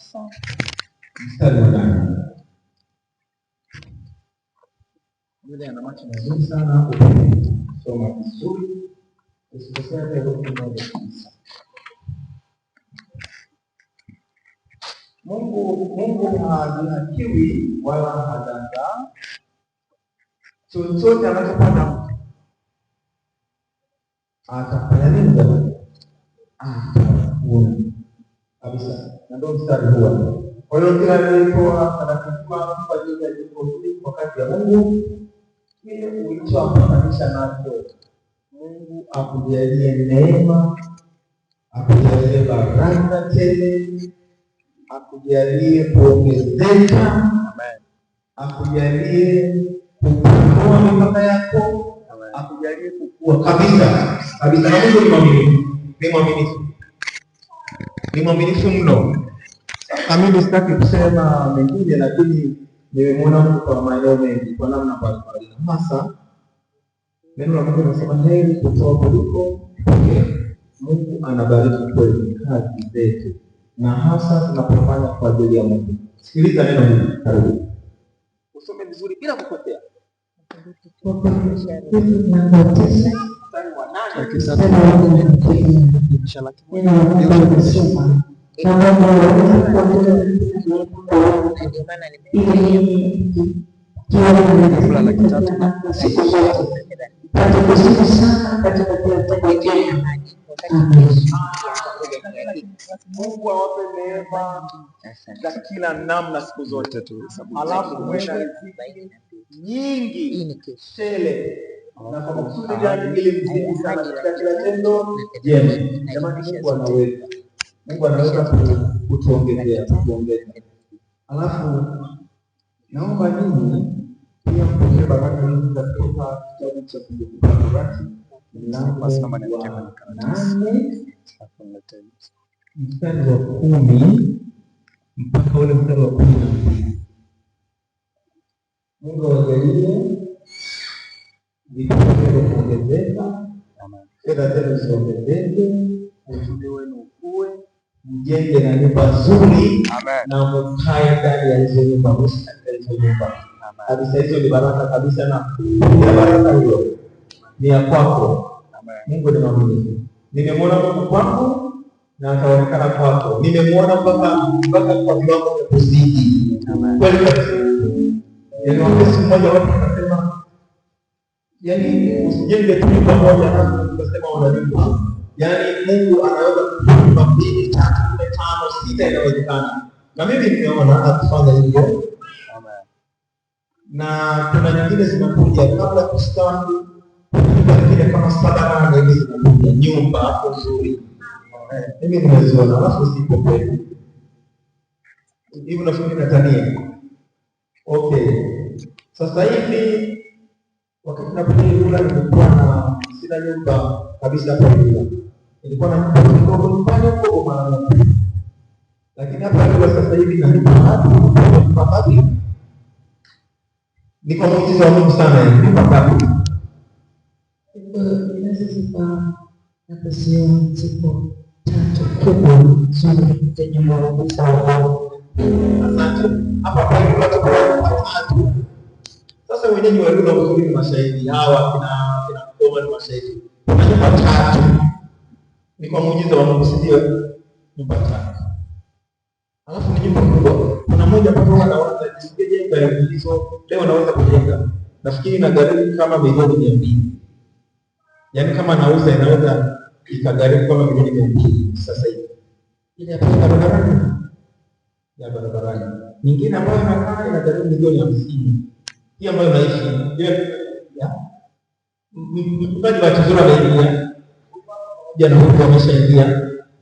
só. Juliana é Martinez. Né, sou Marcos Suri. E se você é pergunta uma definição. Mungu, Mungu hana kiwi wala hadanga. Chochote anachopata atafanya nini? Atavuna kabisa. na ndio mstari huo. Kwa hiyo kila anayetoa ya jambo hili kwa kazi ya Mungu ili ulichoampatanisha nacho. Mungu akujalie neema, akujalie baraka tele, akujalie kuongezeka, akujalie kupungua mipaka yako, akujalie kukua kabisa kabisa, na Mungu ni mwaminifu, ni mwaminifu ni mwaminifu mno. Mimi sitaki kusema mengine, lakini nimemwona mtu kwa maeneo mengi, kwa namna mbalimbali, hasa neno la Mungu linasema heri kutoa kuliko Mungu anabariki kweli kazi zetu, na hasa tunapofanya kwa ajili ya Mungu. Sikiliza neno hili, karibu usome vizuri bila kupotea. Mlango tisa mstari wa nane dirisha lake la kitatu Mungu awape neema za kila namna siku zote tu, alafu nyingi tele na kwa makusudi gani, ili mzidi sana katika kila tendo jema. Jamani, Mungu anaweza, Mungu anaweza kutuongezea, kutuongeza. Alafu naomba ninyi pia mpokee baraka hizi za kutoka kitabu cha Kumbukumbu la Torati mlango wa nane mstari wa kumi mpaka ule mstari wa kumi na mbili Mungu awajalie vigezo kuongezeka, fedha zenu ziongezeke, uchumi wenu ukue, mjenge na nyumba nzuri na mkae ndani ya hizo nyumba, msiishi katika hizo nyumba kabisa. Hizo ni baraka kabisa, na kila baraka hiyo ni ya kwako. Mungu ni mwaminifu. Nimemwona Mungu kwako na akaonekana kwako, nimemwona mpaka mpaka kwa viwango vya kuzidi kweli kabisa. Niliongea siku moja watu Yaani usijenge tu pamoja na ukasema unajua. Yaani Mungu anaweza kutupa mbili, tatu, nne, tano, sita inawezekana. Na mimi nimeona akifanya hivyo. Na kuna nyingine zinakuja kabla kustafu, kuna nyingine kama saba nane hivi zinakuja nyumba hapo nzuri. Mimi nimeziona alafu sipo kweli. Hivi nafikiri natania. Okay. Sasa hivi wakati napitia yula nilikuwa na sina nyumba kabisa hapa yula nilikuwa na nyumba kidogo nyumbani huko kwa maana lakini hapa yula sasa hivi na nyumba tatu nyumba ngapi niko muujiza wa Mungu sana nyumba ngapi asante hapa kwa tuko tatu hata wenyeji walikuwa uzuri ni mashahidi hawa, kina kina Mkoma ni mashahidi. Nyumba tatu ni kwa muujiza wa Mungu, ndio nyumba tatu, alafu ni nyumba kubwa. Kuna moja mpaka wanaanza jisikie jenga hizo, leo naweza kujenga nafikiri inagharimu kama milioni mia mbili yaani kama nauza inaweza ikagharimu kama milioni mia mbili sasa hivi. Ile ya barabarani ya barabarani nyingine ambayo inakaa inagharimu milioni hamsini hii ambayo naishi mtukaji wa tazura Biblia jana huko ameshaingia